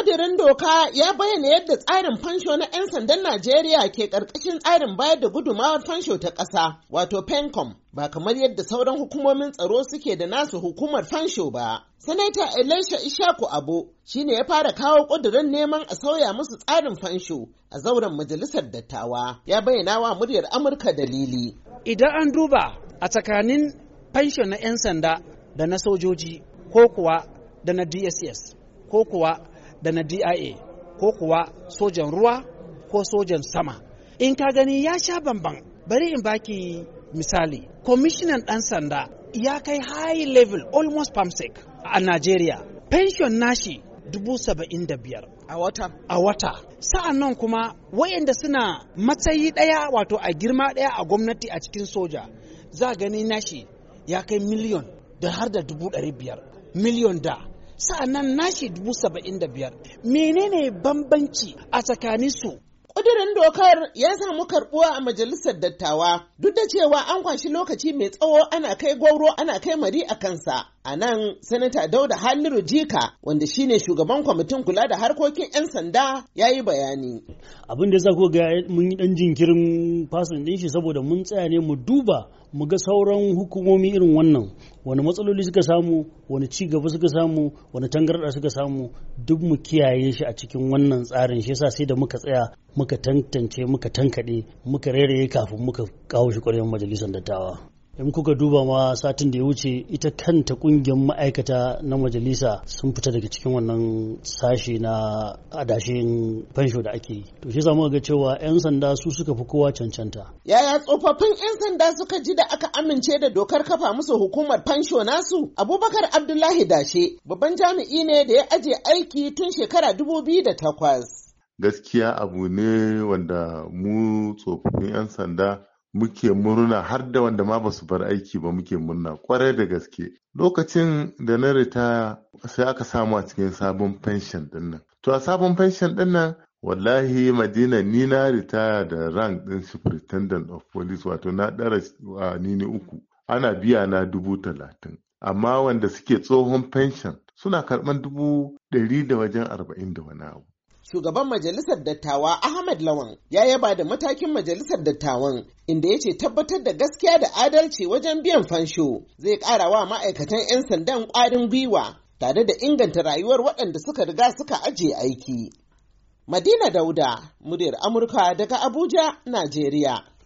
kudirin doka ya bayyana yadda tsarin fansho na 'yan sandan Najeriya ke ƙarƙashin tsarin bayar da gudumawar fansho ta ƙasa, wato PENCOM, ba kamar yadda sauran hukumomin tsaro suke da nasu hukumar fansho ba. Sanata Elisha Ishaku Abu shi ne ya fara kawo ƙudurin neman a sauya musu tsarin fansho a zauren majalisar dattawa, ya bayyana wa muryar Amurka dalili. Idan an duba a tsakanin fansho na 'yan sanda da na sojoji ko kuwa da na DSS ko kuwa da na dia ko kuwa sojan ruwa ko sojan sama in ka gani ya sha banban bari in baki misali kwamishinan ɗan sanda ya kai high level almost pamsec a nigeria pension nashi dubu saba'in da biyar a wata a wata sa'an nan kuma wayanda suna matsayi ɗaya wato a girma ɗaya a gwamnati a cikin soja za gani nashi ya kai miliyon da har da dubu ɗari biyar miliyon da sa'annan nashi dubu saba'in da biyar menene bambanci a tsakanin su Ƙudurin dokar ya samu karɓuwa a majalisar dattawa duk da cewa an kwashi lokaci mai tsawo ana kai gwauro ana kai mari a kansa. A nan, Sanata Dauda haliru Jika, wanda shine shugaban kwamitin kula da harkokin 'yan sanda, ya yi bayani. Abin da za ku ga mun yi ɗan jinkirin fasin din shi saboda mun tsaya ne mu duba mu ga sauran hukumomi irin wannan wani matsaloli suka samu wani ci gaba suka samu wani tangarɗa suka samu duk mu kiyaye shi a cikin wannan tsarin shi yasa sai da muka tsaya muka tantance muka tankade, muka rairaye kafin muka kawo shi kwarewar majalisar dattawa in kuka duba ma satin da ya wuce ita kanta kungiyar ma'aikata na majalisa sun fita daga cikin wannan sashi na adashin fansho da ake yi to shi samu ga cewa 'yan sanda su suka fi kowa cancanta yaya tsofaffin 'yan sanda suka ji da aka amince da dokar kafa musu hukumar fansho nasu abubakar abdullahi dashe babban jami'i ne da ya aje aiki tun shekara dubu biyu gaskiya abu ne wanda mu tsofaffin 'yan sanda muke murna har da wanda ma ba su bar aiki ba muke murna kwarai da gaske lokacin da na ritaya sai aka samu a cikin sabon fenshin dinnan to a sabon fenshin dinnan wallahi madina ni na ritaya da rank din superintendent of police wato na dara a nini uku ana biya na dubu talatin amma wanda suke tsohon fenshin suna karɓan dubu ɗari da wajen arba'in da wani abu shugaban majalisar dattawa Ahmad Lawan ya yaba da matakin majalisar dattawan inda ya ce tabbatar da gaskiya da adalci wajen biyan fansho zai ƙara wa ma'aikatan 'yan sandan ƙwarin gwiwa tare da inganta rayuwar waɗanda suka riga suka ajiye aiki. Madina Dauda, muryar Amurka daga Abuja, Najeriya.